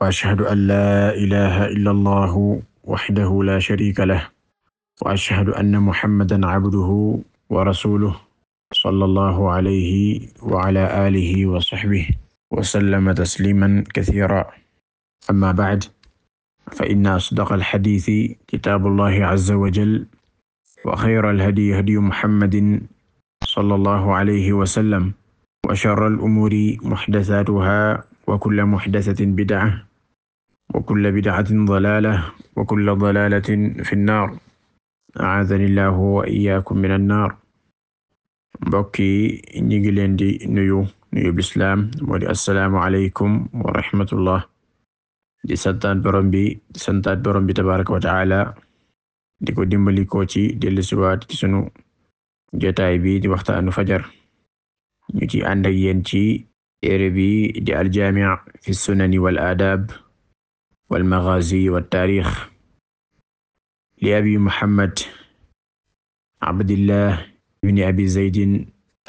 wa ashhadu an laa ilaaha illa allahu wahdahu laa shariika lahu wa ashhadu anna muhammadan abduhu wa rasuluhu sallallahu alayhi wa ala aalihi wa sahbihi wa sallama tasliiman kasiiran amma ba'd fa inna asdaqal hadiisi kitaabullahi azza wa jalla wa xayral hadyi hadyu muhammadin sallallahu alayhi wa sallam wa sharral umuuri muhdasaatuhaa wa kullu muhdasatin bid'a wa kulla bid'atin dalaala wa kulla dalaalatin fi nnaar a'aadani llaahu wa iyyaakum mina nnaar mbokk yi ñu ngi leen di nuyu nuyu bislaam moo di assalaamu aleykum wa rahmatullah di santaat borom bi di santaat borom bi tabaaraka wa ta'aala di ko dimbali ko ci dellusiwaat ci sunu jotaay bi di waxtaanu fajar ñu ci ànd ak yéen ci téere bi di aljaami' fi sunani wal aadaab walmagaazi waltaarix li abi muhammad abdillah ibni abi zeydin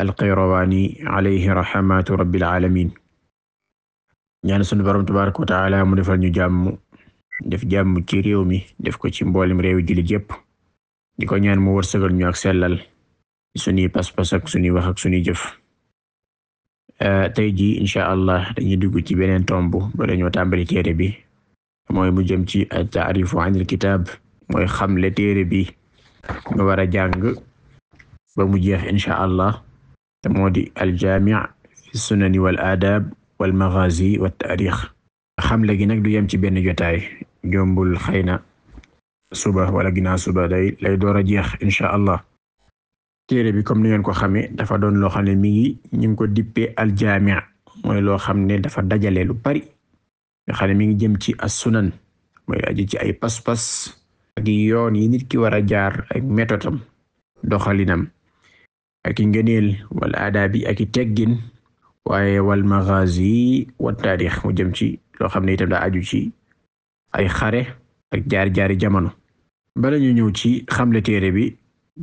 alqayrawaani alayhi raxmatu ñaan sunu boroom tabaaraka wa taala ñu jàmm def jàmm ci réew mi def ko ci mboolem réew jullit yépp di ko ñaan mu wërsëgal ñu ak sellal sunuy pas-pas ak sunuy wax tey ji incha allah dañuy dugg ci beneen tomb ba dañoo tàmbali téere bi mooy mu jëm ci taarifu anil kitaab mooy xamle téere bi nga war a jàng ba mu jeex incha allah te moo di aljaami fi sunani wal aadaab wal maghazi nag du yem ci benn jotaay jombul xëy na suba wala ginnaaw suba day lay door a jeex incha allah téere bi comme ni ngeen ko xamee dafa doon loo xam ne mi ngi ñu ngi ko dippee aljaami mooy loo xam ne dafa dajale lu bari nga mi ngi jëm ci a sunan mooy aji ci ay pas-pas ak yoon yi nit ki war a jaar ak méthode am doxalinam ak i ngëneel wal aadaabi aki teggin waaye wal maghazi wa taarix mu jëm ci loo xam ne itam da aju ci ay xare ak jaar-jaari jamono bala ñu ñëw ci xamle téere bi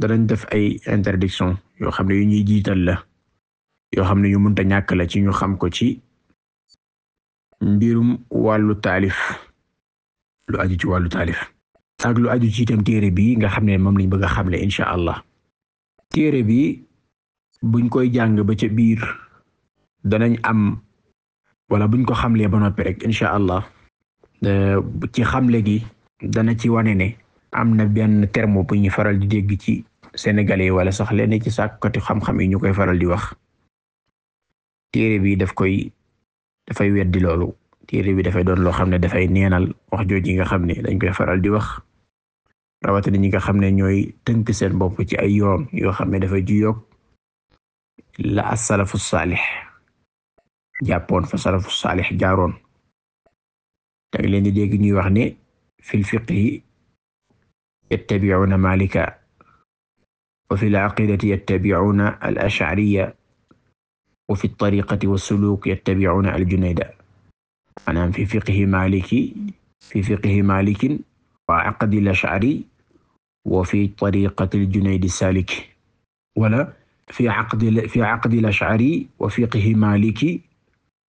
danañ def ay interdiction yoo xam ne yu ñuy jiital la yoo xam ne yu mënta ñàkk la ci ñu xam ko ci mbirum wàllu taalif lu aju ci wàllu taalif ak lu aju ci itam téere bi nga xam ne moom lañ bëgg a xamle incha allah téere bi buñ koy jàng ba ca biir danañ am wala buñ ko xamlee ba noppi rek incha allah ci xamle gi dana ci wane ne am na benn terme bu ñu faral di dégg ci sénégalais wala sax lenn ci sàkkati xam-xam yi ñu koy faral di wax téere bi def koy dafay weddi loolu téere bi dafay doon loo xam ne dafay neenal wax jooju nga xam ne dañ koy faral di wax rawatina ñi nga xam ne ñooy tënk seen bopp ci ay yoon yoo xam ne dafay juyoog la as-salafu saalix jàppoon fa salafu saalix jaaroon da leen di ñuy wax ne fil fiqhi yattabi'una malika wa fil aqidati yattabi'una wa fi tariqati wa suluuk yattabi'uuna al-Junayda maanaam fi fiqhi Maliki fi fiqhi Malikin wa aqdi al-Ash'ari wa fi tariqati al-Junaydi as-Saalik wala fi aqdi fi aqdi al-Ash'ari wa fiqhi Maliki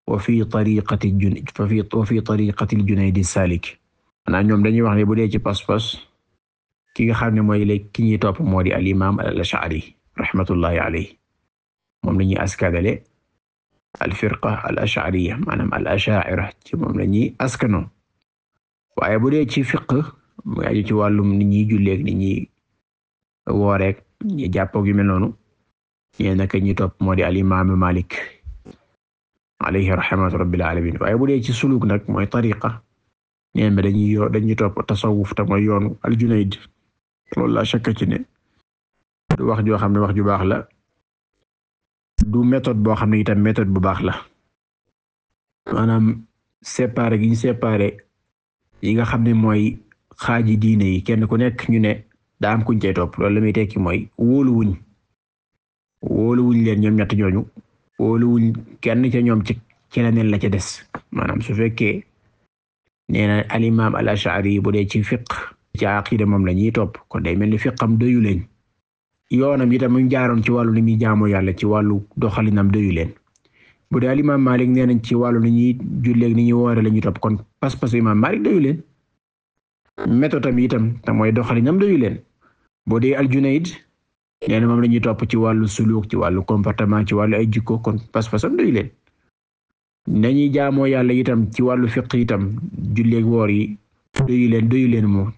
wa fi tariqati wa fi tariqati al-Junaydi as-Saalik maanaam ñoom dañuy wax ne bu dee ci pas-pas ki nga xam ne mooy léegi ki ñuy topp moo di al-imaam al-Ash'ari rahmatullahi alayhi moom la ñuy askadale alfirqa al ashariya maanaam al ashaira ci moom la ñuy askano waaye bu dee ci fiq mu aju ci wàllum ni ñuy julleeg ni ñuy wooreeg ñi jàppoog yu mel noonu ñee nag ñi topp moo di al imaamu Malik alayhi rahmatu rabbil alamin waaye bu dee ci suluk nag mooy tariqa ñeen bi dañuy yo dañuy topp tasawuf te mooy yoonu al Junayd shakka ci ne du wax joo xam ne wax ju baax la du métode boo xam ne itam méthode bu baax la maanaam séparé gi ñu séparé yi nga xam ne mooy xaaji diine yi kenn ku nekk ñu ne daa am kuñ cay topp loolu la muy tekki mooy wóoluwuñ wóoluwuñ leen ñoom ñett ñooñu wóoluwuñ kenn ca ñoom ci ci leneen la ca des maanaam su fekkee nee na alimaam al ashari bu dee ci fiq ci aqida moom la ñuy topp kon day mel ni fiqam doyu leen yoonam itam mu jaaroon ci wàllu li muy jaamoo yàlla ci wàllu doxalinam doyu leen bu dee nee nañ ci wàllu ni ñuy julleeg ni ñuy woore la ñuy topp kon pas-pas imaam Malik leen méthode am itam te mooy doxalinam doyu leen boo dee al Junayd nee na moom la ñuy topp ci wàllu suluk ci wàllu comportement ci wàllu ay jikko kon pas-pasam doyu leen nañuy jaamoo yàlla itam ci wàllu fiq itam julleeg woor yi doyu leen doyu leen moom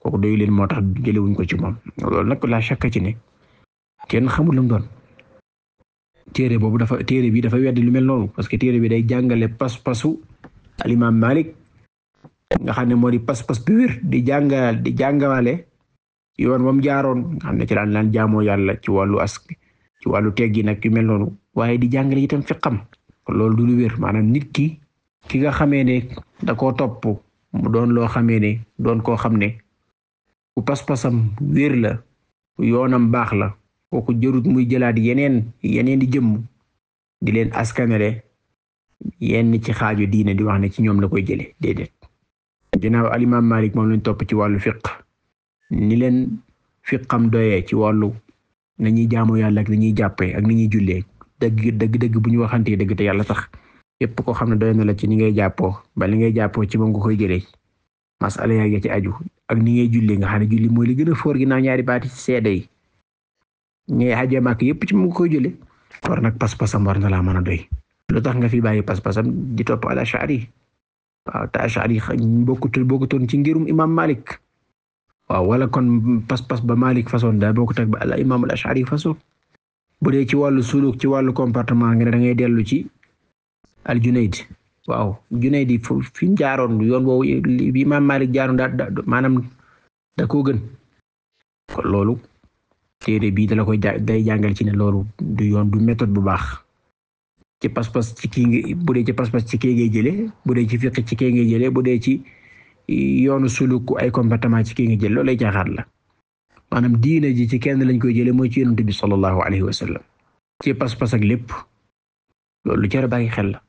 kooku doyu leen moo tax jëlewuñ ko ci moom loolu nag laa chàkk ci ne kenn xamul lu doon téere boobu dafa téere bi dafa weddi lu mel noonu parce que téere bi day jàngale pas-pasu alimaam nga xam ne moo di pas-pas di jàngal di jàngale yoon moom jaaroon xam ne ci daan daan jaamoo yàlla ci wàllu ask ci wàllu teggi nag yu mel noonu waaye di jàngale itam fi xam loolu du lu wér maanaam nit ki ki nga xamee ne da koo topp mu doon loo xamee ne doon koo xam ne ku pas-pasam wér la yoonam baax la kooku jërut muy jëlaat yeneen yeneen di jëm di leen askanale yenn ci xaaju diine di wax ne ci ñoom la koy jële déedéet ginnaaw alimaam Malik moom lañ topp ci wàllu fiq ni leen fiqam doyee ci wàllu na ñuy jaamu yàlla ak ni ñuy jàppee ak ni ñuy jullee dëgg dëgg dëgg bu ñu waxantee dëgg te yàlla tax yépp koo xam ne doy na la ci ni ngay jàppoo ba li ngay jàppoo ci moom nga koy jëlee masala yaa ngi ci aju ak ni ngay julli nga xam ne julli mooy li gën a foor ginnaaw ñaari baati seede yi ñooy aja Makka yëpp ci mu ngi koy jëlee. war nag pas-pasam war na laa mën doy. lu tax nga fi bàyyi pas-pasam di topp al-Ash'ari waaw te ci ngirum imaam Malik waaw wala kon pas-pas ba Malik façon daa bokkut ak ba al imaam al-Ash'ari façon bu dee ci wàllu suluk ci wàllu comportement nga ne da ngay dellu ci al waaw di fi mu jaaroon yoon boobu bi Imaam Malik jaaroon daa maanaam da koo gën kon loolu téere bii da la koy day jàngal ci ne loolu du yoon du méthode bu baax ci pas-pas ci kii nga bu dee ci pas-pas ci kii ngay jëlee bu dee ci fiqh ci kii ngay jëlee bu dee ci yoonu suluku ay comportement ci kii ngay jël loolu lay jaaxaat la maanaam diina ji ci kenn lañ koy jëlee mooy ci yonent bi sallallahu alayhi wa sallam ci pas-pas ak lépp loolu lu jar xel la.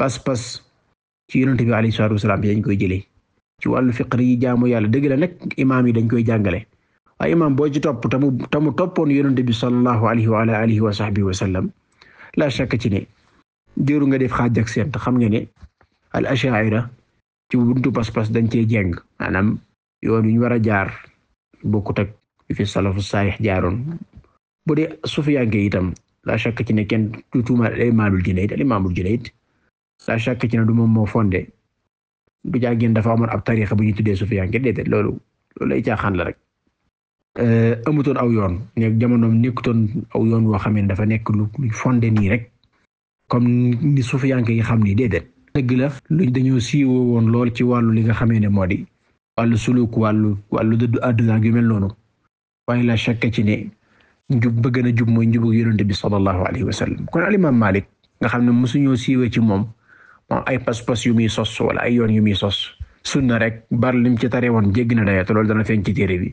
pas-pas ci yonent bi alayhi salaatu wasalaam dañ koy jëlee ci wàllu fiqri yi jaamu yàlla dëgg la nag imaam yi dañ koy jàngale waaye boo ci topp tamu tamu toppoon yonent bi sallallahu alayhi wa ala alihi wa sahbihi wa sallam la shakka ci ne jëru nga def xaaj ak seen xam nga ne al ashaira ci buntu pas-pas dañ cee jeng maanaam yoon yu ñu war a jaar bokkut ak fi salafu saalih jaaroon bu dee sufiyanke itam la shakka ci ne kenn du tuuma imaamul junayd al imaamul junayd la chaque ci ne du moom moo fondé du jàggeen dafa amoon ab tarixa bu ñuy tuddee sufiyanke déedéet loolu loolu ay caaxaan la rek euh, amutoon aw yoon nekk jamonoom nekkutoon aw yoon woo xam ne dafa nekk lu fondé nii rek comme ni sufiyanke yi xam ni déedéet dëgg la lu dañoo siiwoo woon lool ci wàllu li nga xamee ne moo di wàllu suluk wàllu wàllu dëddu àdduna yu mel noonu waaye la chaque ci ne njub ba gën a jub mooy njubug yonente bi sallallahu alayhi kon alimam Malik nga xam ne ci moom Ah, ay pas-pas yu muy sos wala ay yoon yu muy sos sunna rek bar lim ci tare woon jéggi na dayoo te loolu dana feeñ ci téere bi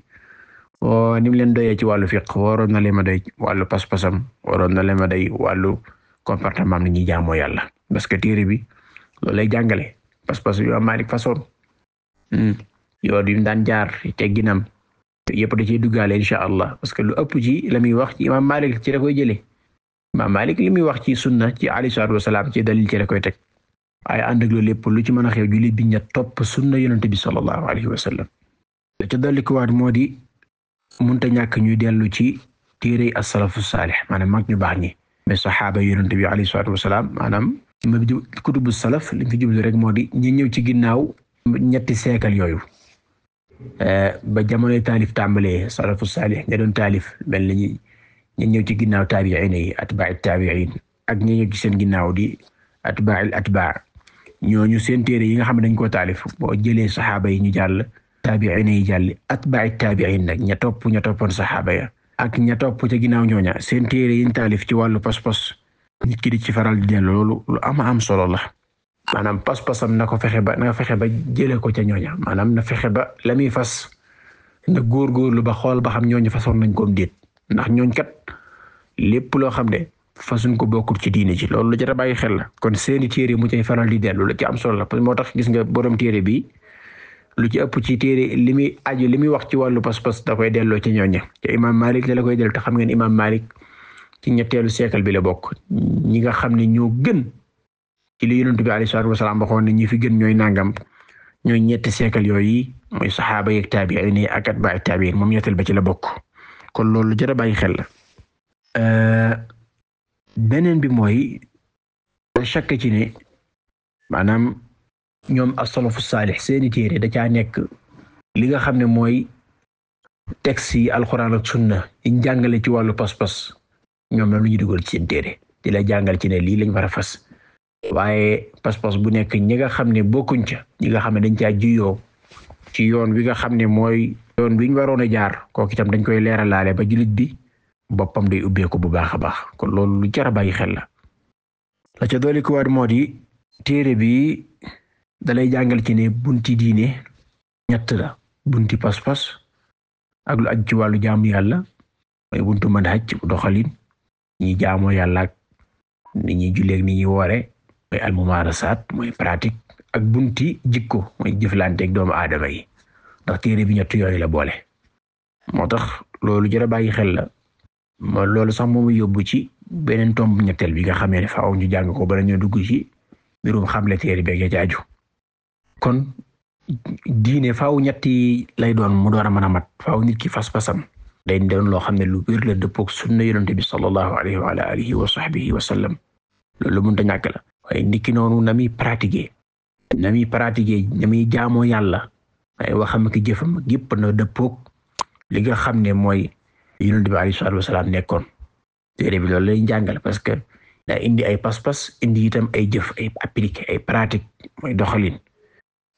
o oh, ni mu leen doyee ci wàllu fiq waroon na lema day doy wàllu pas-pasam waroon na leen a doy wàllu comportement am na ñuy jaamoo yàlla parce que téere bi loolu lay jàngale pas-pas yu Maalik hmm. yoon yu mu daan jaar tegginam yëpp da ciy duggaale incha allah parce que lu ëpp ci la muy wax ci ci la koy jëlee imaam Maalik li muy wax ci sunna ci alayhi salaatu ci dalil ci la koy teg waaye ànd ak loolu lépp lu ci mën a xew jullit bi ña topp sunna yonente bi sallallahu alayhi wa sallam la ca dolli ko waat moo di munta ñàkk ñuy dellu ci téere as-salafu saalih maanaam mag ñu baax ñi mais saxaaba yonente bi alayhi salaatu wasalaam maanaam ma kutubu salaf li fi jublu rek moo di ñi ñëw ci ginnaaw ñetti seekal yooyu eh, ba jamonoy taalif tàmbalee salafu saalih ña doon taalif mel ni ñi ñëw ci ginnaaw taabi'iin yi atbaa'i taabi'iin ak ñi ci seen ginnaaw di atbaa'il atbaa' ñooñu seen téere yi nga xam ne dañ koo taalif boo jëlee saxaaba yi ñu jàll taabiin yi jàll atbaai taabiin nag ña topp ña toppoon saxaaba ya ak ña topp ca ginnaaw ñooña seen téere yiñ taalif ci wàllu pas-pas nit ki di ci faral di dellu loolu lu ama am solo la maanaam pas-pasam na ko fexe ba na fexe ba jëlee ko ca ñooña maanaam na fexe ba la muy fas na lu ba xool ba xam ñooñu fasoon nañ koom déet ndax ñooñ kat lépp loo xam ne fasuñ ko bokkul ci diine ji loolu la jar a bàyyi xel la kon seeni téere mu cay faral di dellu la ci am solo la parce que moo tax gis nga borom téere bi lu ci ëpp ci téere li muy aju li muy wax ci wàllu pas-pas da koy delloo ci ñooña te imaam Malik la koy dellu te xam ngeen imaam Malik ci ñetteelu seekal bi la bokk ñi nga xam ne ñoo gën ci li yonent bi alayhi salaatu wasalaam waxoon ne ñi fi gën ñooy nangam ñooy ñetti siècle yooyu mooy saxaaba yeeg taabi'iin yi ak atbaa'i taabi'iin moom ñetteel ba ci la bokk kon loolu jar a bàyyi xel la euh, beneen bi mooy chaque ci ne maanaam ñoom as-salafu saalix seeni téere da caa nekk li nga xam ne mooy texte si alxuraan ak sunna yiñ jàngale ci wàllu pas-pas ñoom la lu ñu dugal ci seen téere di la jàngal ci ne lii lañ war a fas waaye pas-pas bu nekk ñi nga xam ne bokkuñ ca ñi nga xam ne dañ caa juyoo ci yoon wi nga xam ne mooy yoon wi ñu waroon a jaar kooku itam dañ koy leeralaale ba jullit bi boppam day ubbeeku bu baax a baax kon loolu lu jar a bàyyi xel la la ca dooli ko war moo di téere bi dalay jàngal ci ne bunti diine ñett la bunti pas-pas ak lu aju ci wàllu jaamu yàlla mooy buntu manhaj doxalin ñi jaamoo yàlla ni ñuy julleeg ni ñuy woore mooy almumaarasaat mooy pratique ak bunti jikko mooy jëflanteek doomu aadama yi ndax téere bi ñett yooyu la boole moo tax loolu jar a bàyyi xel la moo loolu sax moomu yóbbu ci beneen tomb ñetteel bi nga xamee ne faaw ñu jàng ko bala ñu dugg ci mbirum xamle téere beeg ya kon diine faaw ñetti lay doon mu door a mën a mat faaw nit ki fas-fasam day doon loo xam ne lu wér la dëppoog sunna yonente bi sallallahu alayhi wa alihi wa sahbihi la waaye nit ki noonu na muy pratiquer na jaamoo yàlla ay waxam ak jëfam nga xam ne mooy yonent bi alayhi salaatu wasalaam nekkoon téere bi loolu lay jàngal parce que daa indi ay pas-pas indi itam ay jëf ay appliqué ay pratique mooy doxalin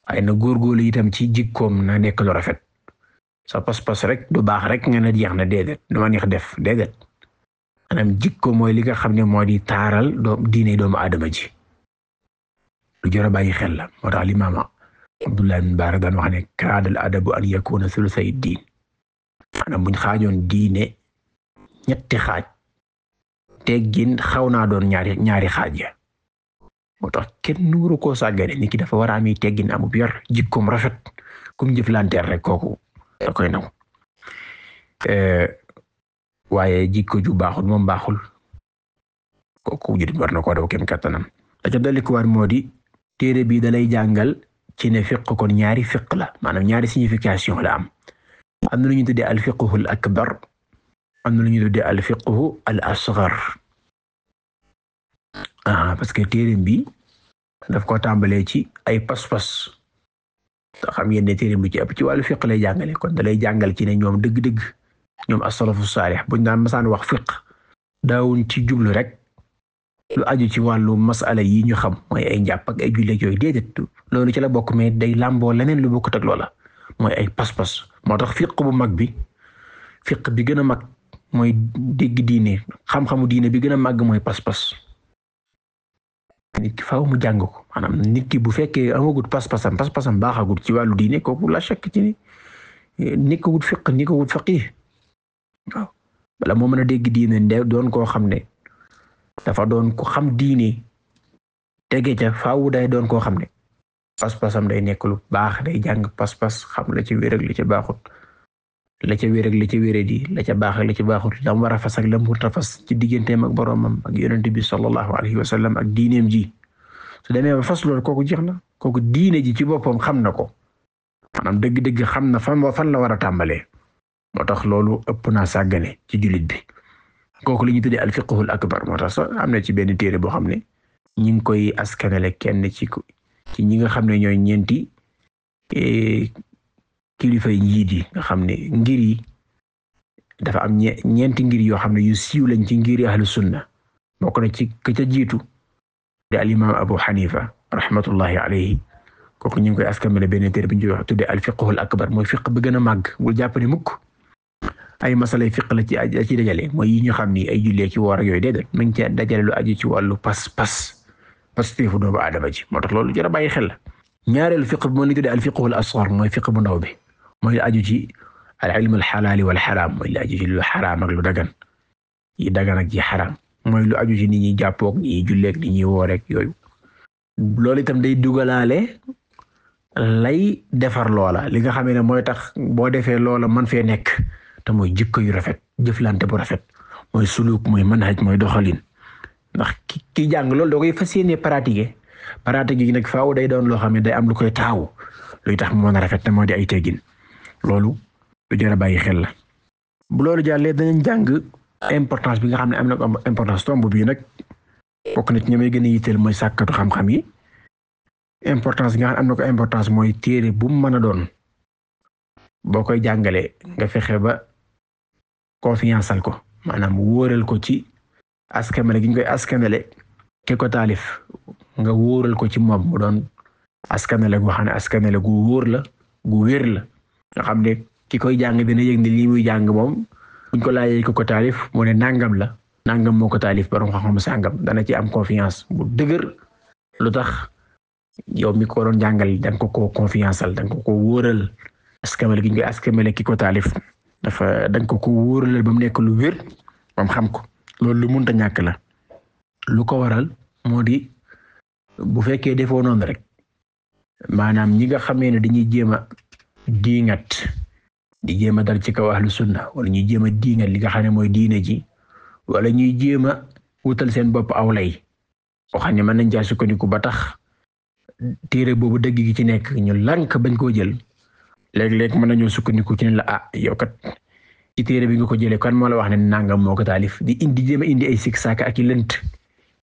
waaye na góorgóorlu itam ci jikkoom na nekk lu rafet sa pas-pas rek du baax rek nga ne jeex na déedéet du ma def déedéet maanaam jikko mooy li nga xam ne moo di taaral doom diine doomu aadama ji lu jar a bàyyi xel la moo tax limaama Abdullah bin Barak daan wax ne kaadal adabu an yakuna sulusay diin maanaam buñ xaajoon diine ñetti xaaj teggin xaw naa doon ñaari ñaari xaaj ya moo tax kenn waru koo sàggane nit ki dafa war a am teggin amub yor jikkoom rafet kum jëflanteer rek kooku da koy naw eh, waaye jikko ju baaxul moom baaxul kooku jurit war na koo daw kem kattanam la ca dalikuwaat moo di téere bi dalay jàngal ci ne fiq kon ñaari fiq la maanaam ñaari signification la am am na lu ñu tuddee alfiqhu al akbar am na lu ñu tuddee alfiqhu al asgar ah parce que téereem bi daf ko tàmbalee ci ay pas-pas xam ngeen ne téereem bi ci ëpp ci wàllu fiq lay jàngale kon da lay jàngal ci ne ñoom dëgg-dëgg ñoom as-salafu saalih buñ daan masaan wax fiq daawuñ ci jublu rek lu aju ci wàllu masala yi ñu xam mooy ay njàpp ak ay jullit yooyu déedéet loolu ci la bokk mais day làmboo leneen lu bokkut ak loola mooy ay pas-pas moo tax fiq bu mag bi fiq bi gën a mag mooy dégg diine xam-xamu diine bi gën a màgg mooy pas-pas nit ki faaw mu jàng ko maanaam nit ki bu fekkee amagut pas-pasam pas-pasam baaxagut ci wàllu diine kooku la chèque ci ni ni ko wut fiq ni ko wut faqih waaw bala moo mën a dégg diine de doon koo xam ne dafa doon ko xam diine tege ca faaw day doon koo xam ne pas-pasam day nekk lu baax day jàng pas-pas xam la ci wér ak la ci baaxut la ca wér ak la ca wéré di la ca baax ak la ca baaxut lam war a fas ak lam war a fas ci digganteem ak boromam ak yonent bi sallallahu alayhi wa sallam ak diineem ji su demee ba fas loolu kooku jeex na kooku diine ji ci boppam xam na ko maanaam dëgg-dëgg xam na fan fan la war a tàmbalee moo tax loolu ëpp naa sàggane ci jullit bi kooku li ñu tuddee alfiqhul akbar moo tax sax am na ci benn téere boo xam ne ñu ngi koy askanale kenn ci ñi nga xam ne ñooy ñeenti eh, kilifay njiit yi nga xam ne ngir dafa am ñeenti ngir yoo xam ne yu siiw lañ ci ngiri ahlu sunna bokk na ci ka ca jiitu de al imam abu xanifa rahmatullahi alayhi kooku ñu ngi koy askamale benn la bi ñu wax tudde al mooy fiq bi gën a màgg bul jàpp ne mukk ay masalay fiq la ci ci dajale mooy yi ñu xam ni ay jullee ci woor ak yooyu déedéet mu ngi ci dajale lu ci wàllu pas-pas pasteefu doomu aadama ji moo tax loolu jar a xel la ñaareelu fiq bi moo li ñu tuddee al fiqhu al asghar mooy fiq bu ndaw bi mooy li aju ci al ilm al xalaali wal xaraam mooy aju ci lu xaraam ak lu dagan yi dagan ak yi xaraam mooy lu aju ci ni ñuy jàppoog ni ñuy julleeg ni ñuy wooreeg yooyu loolu itam day dugalaale lay defar loola li nga xamee ne mooy tax boo defee loola man fee nekk te mooy jikko yu rafet jëflante bu rafet mooy suluk mooy manhaj mooy doxalin ndax ki ki jàng loolu da koy fas yéene pratiquer pratique yi nag faaw day doon loo xam ne day am lu koy taawu luy tax mu mën a rafet te moo di ay teggin loolu lu jar a bàyyi xel la. bu loolu jàllee danañ jàng importance bi nga xam ne am na importance tomb bii nag bokk na ci ñi may gën a yitteel mooy sàkkatu xam-xam yi importance bi nga xam ne am na ko importance mooy téere bu mu mën a doon boo koy jàngalee nga fexe ba confiance ko maanaam wóoral ko ci. askamele gi ñu koy askanale ki taalif nga wóoral ko ci moom mu doon xam ne askanale gu wóor la gu wér la nga ne ki koy jàng dina yëg ne muy jàng moom buñ ko ko taalif mu nangam la nangam moo ko taalif borom dana ci am confiance bu dëgër tax yow mi jàngal da nga koo confiance al ko koo wóoral askanale gi dafa da ko ko wóoralal ba mu nekk lu wér moom xam ko. loolu lu munta ñàkk la lu ko waral moo di bu fekkee defoo noonu rek maanaam ñi nga xamee ne dañuy jéem a diingat di jéem a dal ci kaw ahlu sunna wala ñuy jéem a diingat li nga xam ne mooy diine ji wala ñuy jéem a wutal seen bopp aw lay boo xam ne mën nañ caa sukkandiku ba tax téere boobu dëgg gi ci nekk ñu lank bañ koo jël léeg-léeg mën nañoo sukkandiku ci ne la ah yow kat ci téere bi nga ko jëlee kan moo la wax ne nangam moo ko taalif di indi jëm indi ay sikk saaka ak i lent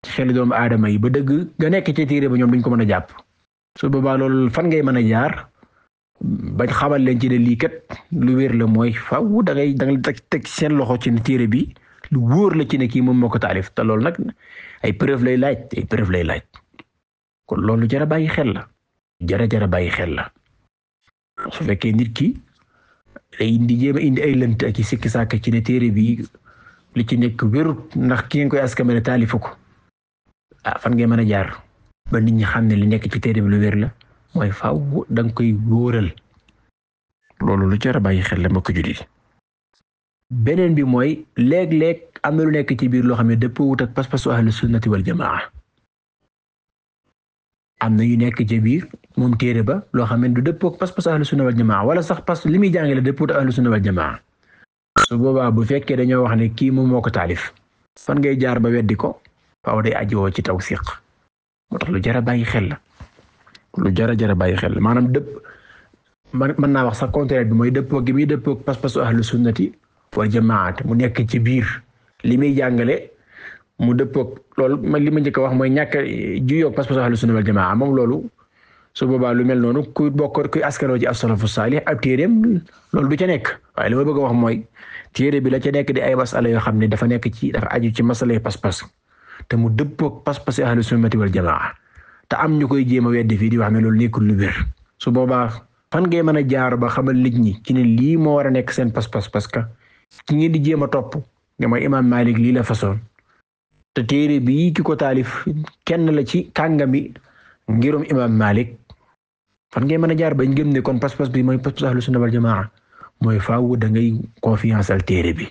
ci xelu doomu aadama yi ba dëgg nga nekk ci téere ba ñoom duñ ko mën a jàpp su boobaa loolu fan ngay mën a jaar bañ xamal leen ci lii kat lu wér la mooy faaw da ngay da nga seen loxo ci téere bi lu wóor la ci ne kii moom moo ko taalif te loolu nag ay preuve lay laaj ay lay laaj kon loolu jara bàyyi xel la jara jara bàyyi xel la su fekkee nit day indi jéem a indi ay lënt ak i sàkk ci ne téere bi li ci nekk wérut ndax ki ngeen koy askan ne taalifu ko ah fan ngeen mën a jaar ba nit ñi xam ne li nekk ci téere bi lu wér la mooy faaw da nga koy wóoral loolu lu jar a xel la ma ko judi beneen bi mooy léeg-léeg am nekk ci biir loo xam ne dëppoo wut ak pas-pasu ahlu sunnati wal jamaa am na yu nekk ca biir moom téere ba loo xam ne du dëppook pas-pas ahlu sunna wal jamaa wala sax pas li muy jàngale dëppoot ahlu sunna wal jamaa su boobaa bu fekkee dañoo wax ne kii moom moo ko taalif fan ngay jaar ba weddi ko faaw day ajowoo ci tawsiq moo lu jar a bàyyi xel la lu jar a jar bàyyi xel la maanaam dëpp man mën naa wax sax contraire bi mooy dëppoo gi muy dëppook pas-pasu ahlu sunnati wal jamaat mu nekk ci biir li muy jàngale mu dëppoog loolu man li ma njëkk wax mooy ñàkk a eh, juyoog pas-pas ahlu sunna wal jamaa moom loolu su boobaa lu mel noonu ku bokk ku askanoo ci as-salafu saalih loolu du ca nekk wax mooy téere bi la ca nekk di ay masala yoo xam ne dafa nekk ci dafa aju ci masala pas-pas te mu dëppoog pas-pas ahlu sunnati am ñu koy jéem a weddi fii di wax ne loolu nekkul lu wér su boobaa fan ngay mën a jaar ba xamal nit ñi ci ne lii moo war a nekk seen pas-pas parce que ki ngeen di jéem a topp nga mooy imaam Maalik lii la façon te téere bii ki ko taalif kenn la ci kàngami ngirum imam Malik fan ngay mën a jaar ba gëm ne kon pas-pas bi mooy pas-pas ahlu sunna wal jamaa mooy faaw da ngay confiance al téere bi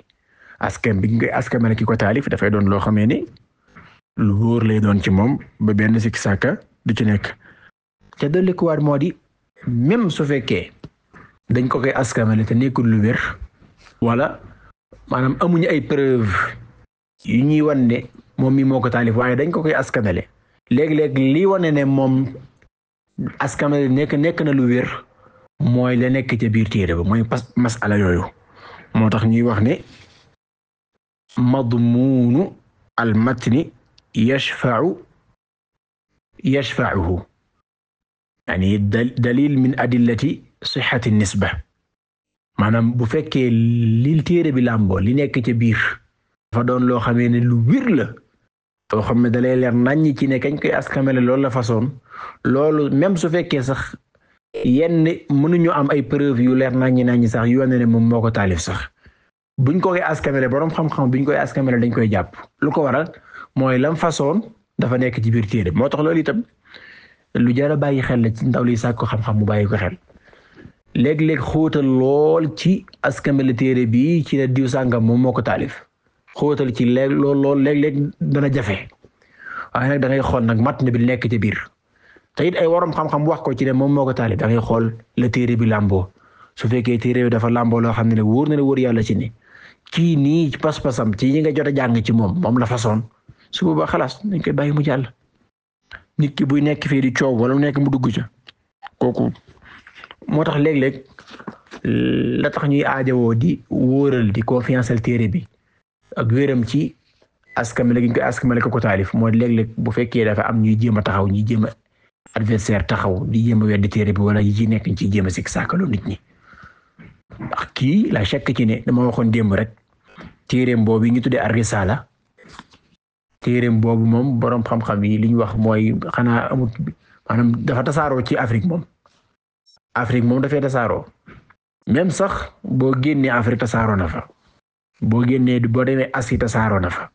askan bi ngay askan mën a ki taalif dafay doon loo xamee lu wóor lay doon ci moom ba benn sikk sàkka du ci nekk te dolli ko waat moo di même su fekkee dañ ko koy askamale te nekkul lu wér wala maanaam amuñu ay preuve yu ñuy wan ne moom mii moo ko taalif waaye dañ ko koy askamele léegi-léeg lii wane ne moom askanale nekk nekk na lu wér mooy la nekk ca biir téere ba mooy pas masala yooyu moo tax ñuy wax ne madmuunu al matni yashfau yashfauhu yani dalil min adillati sixati nisba maanaam bu fekkee lil téere bi làmboo li nekk ca biir dafa doon loo xamee ne lu wér la loo xam ne dalay leer naññ ci ne kañ koy askamele loolu la façon loolu même su fekkee sax yenn mënuñu am ay preuve yu leer naññi naññi sax yu wane ne moom moo ko taalif sax buñ ko koy askamele borom xam-xam buñ koy askamele dañ koy jàpp lu ko waral mooy lam façon dafa nekk ci biir téere moo tax loolu itam lu jar a bàyyi xel la ci ndaw liy sàkk ko xam-xam mu bàyyi ko xel léeg-léeg xóotal lool ci askamele téere bi ci la diw sàngam moom moo ko taalif xóotal ci léeg lool lool léeg-léeg dana jafe waaye nag da ngay xool nag mat na bi nekk ci biir te it ay waroom xam-xam wax ko ci ne moom moo ko taalif da ngay xool la téere bi làmboo su fekkee téere bi dafa làmboo loo xam ne wóor na ne yàlla ci ni kii nii ci ci yi nga jot a jàng ci moom moom la façon su boobaa xalaas dañ koy bàyyi mu jàll. nit ki buy nekk fii di coow wala mu nekk mu dugg ca kooku moo tax léeg-léeg la tax ñuy aajowoo di wóoral di confiance al téere bi. ak wéram ci askan wi ko askan wi ko ko taalif mooy léeg-léeg bu fekkee dafa am ñuy jéem a taxaw ñuy jéem a adversaire taxaw di jéem a weddi téere bi wala yi ci nekk ñu ciy jéem a sikk saakaloo kii la chèque ci ne waxoon démb rek téereem boobu ñu tuddee ar-Risaala téereem moom boroom xam-xam yi li ñu wax mooy xanaa amut maanaam dafa tasaaroo ci Afrique moom Afrique moom dafay tasaaroo même sax boo génnee Afrique tasaaroo na fa. boo génnee boo demee asi tasaaroo na fa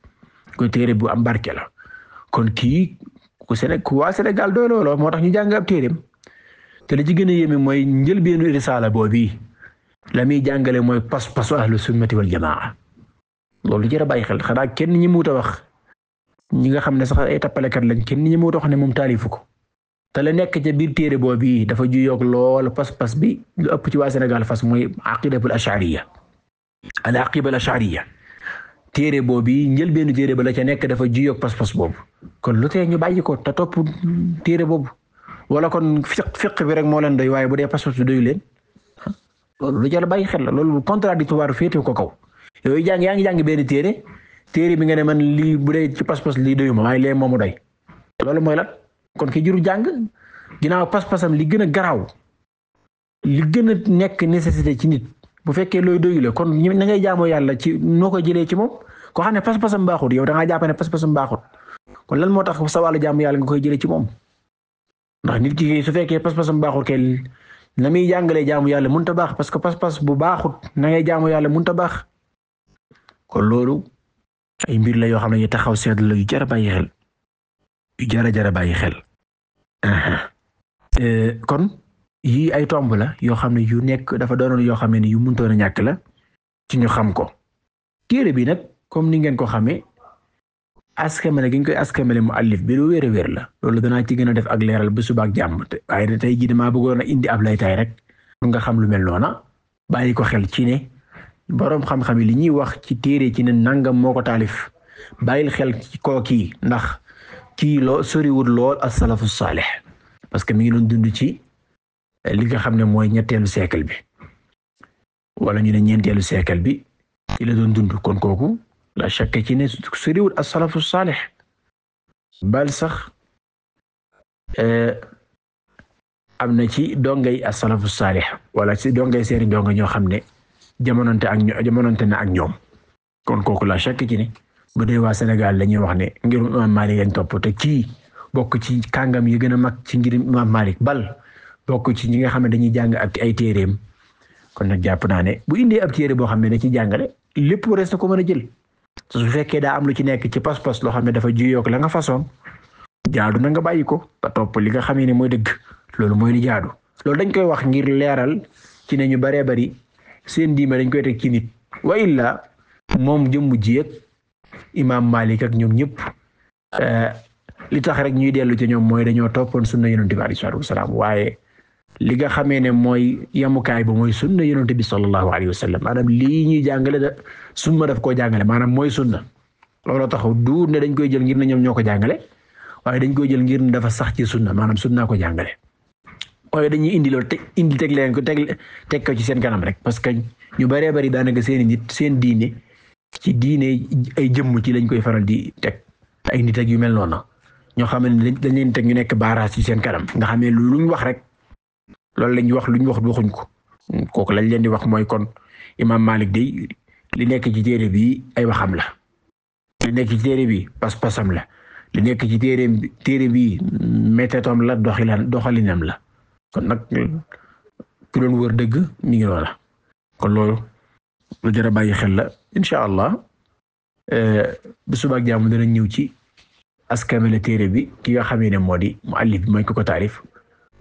ko téere bu am barke kon kii ku Séné ku waa Sénégal doy looloo moo tax ñu jàng ab téereem te li ci gën a yéeme mooy njëlbeenu risaala boobu la muy jàngale mooy pas-pasu ahlu sunnati wal jamaa loolu jërë bàyyi xel xanaa kenn ñi muut a wax ñi nga xam ne sax a ay tappalekat lañ kenn ñi muut a wax ne moom taalifu ko te la nekk ca biir téere boobu dafa juyoog lool pas-pas bi lu ëpp senegal waa Sénégal fas mooy aqidatul al aqiba al ashariya téere boobu benn téere ba la ca nekk dafa jiyoog pas-pas boobu kon lu tee ñu bàyyi ko te topp téere boobu wala kon fiq fiq bi rek moo leen doy waaye bu dee pas-pas bi doyu loolu lu jar bàyyi xel la loolu contradictoire féete ko kaw yooyu jàng yaa ngi benn téere téere bi nga ne man lii bu dee ci pas lii doyu ma waaye lee moom doy loolu mooy la kon ki juru jàng ginnaaw pas-pasam li gën a garaaw li gën a nekk nécessité ci nit bu fekkee looy doyule kon ñi na ngay jaamoo yàlla ci noo ko jëlee ci moom koo xam ne pas-pasam baaxut yow da ngaa jàpp ne pas-pasam baaxut kon lan moo tax sa wàllu jaamu yàlla nga koy jëlee ci moom ndax nit ki su fekkee pas-pasam baaxut kenn na muy jàngalee jaamu yàlla mun ta baax parce que pas-pas bu baaxut na ngay jaamu yàlla mënut a baax kon loolu ay mbir la yoo xam ne ñu taxaw seetlu la yu jar a bàyyi xel yu jar a jar a bàyyi xel euh, kon. yii ay tomb la yoo xam ne yu nekk dafa doonoon yoo xam ne yu mënutoon a ñàkk la ci ñu xam ko téere bi nag comme ni ngeen ko xame askamale gi ñu koy askamale mu allif bi a wéer la loolu danaa ci gën a def ak leeral ba ak jàmm waaye ne tey jii bëggoon a indi ab laytaay rek pour nga xam lu mel noona bàyyi ko xel ci ne boroom xam-xam yi li ñuy wax ci téere ci ne nangam moo ko taalif bàyyil xel ci kookii ndax kii loo soriwul lool as salafu parce que mi ngi doon dund ci li nga xam ne mooy ñetteelu siècle bi wala ñu ne ñeenteelu siècle bi ci la doon dund kon kooku la chaque ci ne soriwul as-salafu saalih sax eh, am na ci dongay as-salafu wala ci dongay seeni donga ñoo xam ne jamononte ak ñoom jamononte na ak ñoom kon kooku la chaque ci ne bu dee waa Sénégal la wax ne ngirum Imaam Maalik lañ bokk ci kàngam yi gën a mag ci ngirum bal bokk ci ñi nga xam ne dañuy jàng ak ay téereem kon nag jàpp naa ne bu indee ab téere boo xam ne da ci jàngale lépp rees na ko mën a jël su fekkee daa am lu ci nekk ci pas-pas loo xam ne dafa juyook la nga façon jaadu na nga bàyyi ko topp li nga xam ne mooy dëgg loolu mooy li jaadu loolu dañ koy wax ngir leeral ci ne ñu baree bari seen diima dañ koy te ci nit wa illa moom jëmmu ji imaam Malik ak ñoom ñëpp eh, li tax rek ñuy dellu ci ñoom mooy dañoo toppoon sunna yonent bi alayhi salaatu wasalaam waaye li nga xamee ne mooy yamukaay ba mooy sunna yonente bi sallallahu alayhi wa sallam maanaam lii ñuy jàngale da summa daf koo jàngale maanaam mooy sunna looloo taxaw duur ne dañ koy jël ngir ne ñoom ñoo ko jàngale waaye dañ koy jël ngir ne dafa sax ci sunna maanaam sunna ko jàngale waaye dañuy indi loolu indi teg leen ko teg teg ko ci seen kanam rek parce que ñu bëree bari daanaka seen nit seen diine ci diine ay jëmm ci lañ koy faral di teg ay nit ak yu mel noonu ñoo xam ne dañ leen teg ñu nekk baaraas ci seen kanam nga xamee ne lu ñu wax rek loolu la ñuy wax lu ñu wax waxuñ ko kooku lañ leen di wax mooy kon imaam Malik day li nekk ci téere bi ay waxam la li nekk ci téere bi pas-pasam la li nekk ci téere téere bi mététoom la doxilan doxalinam la kon nag ki doon wër dëgg mi ngi noona kon loolu lu jar bàyyi xel la incha allah eh, bu subaak jàmm dana ñëw ci askamele téere bi ki nga xamee ne moo di muallif bi mooy ko ko taarif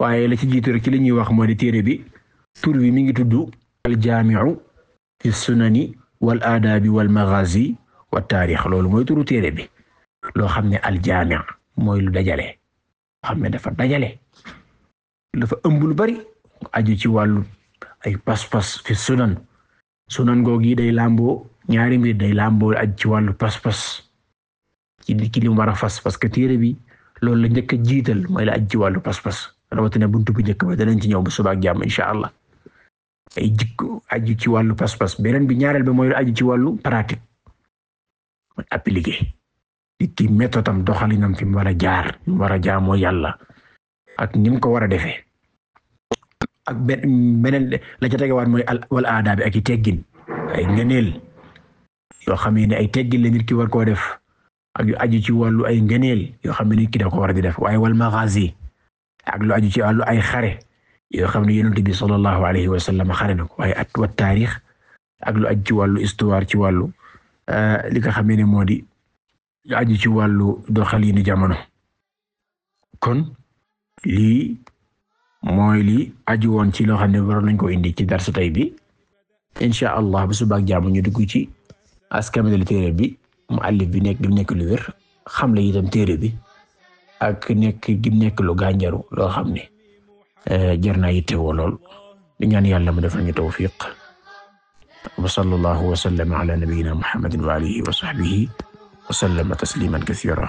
waaye la ci jiitu ci li ñuy wax moo di téere bi tur bi mi ngi tudd aljaamiu fi sunani wal aadaabi wal maghazi wa taarix loolu mooy turu téere bi loo xam ne aljaami mooy lu dajale xam ne dafa dajale dafa ëmb lu bari aju ci wàllu ay pas-pas fi sunan sunan googu day làmboo ñaari mbir day làmboo aju ci wàllu pas-pas ci li mu war a fas parce que téere bi loolu la njëkk jiital mooy la aju ci wàllu pas-pas rawatina buntu bu njëkk ba danañ ci ñëw bu suba ak jàmm incha allah ay jikko aju ci wàllu pas-pas beneen bi ñaareel bi mooy aju ci wàllu pratique mooy appliqué nit ki méthode am doxalinam fi war a jaar war a jaamoo yàlla ak ni ko war a defee ak beneen la ca tegewaat mooy wal aadaa bi ak i teggin ay ngëneel yoo xam ne ay teggin la nit ki war koo def ak yu aju ci wàllu ay ngëneel yoo xam ne nit ki ko war a di def waaye wal magazi ak lu aju ci wàllu ay xare yoo xam ne yonent bi sallallahu alayhi wa sallam xare na ko waaye at wa taarix ak lu aju ci wàllu histoire ci wàllu euh, li nga xam ne moo di lu ci wàllu doxaliinu jamono kon lii mooy li aju woon ci loo xam ne waroon nañ ko indi ci darsu tey bi incha allah bu subaak jaamu ñu dugg ci askan wi téere bi mu àllif bi nekk bi nekk lu wér xam la itam téere bi. ak nekk gim nekk loo xam ne eh, jar naa yittewoo lool di ñaan yàlla mu defal ñu tawfiq wa sallallahu wa sallam ala nabiyyina muhammadin wa alihi wa sahbihi wa sallama tasliman kathira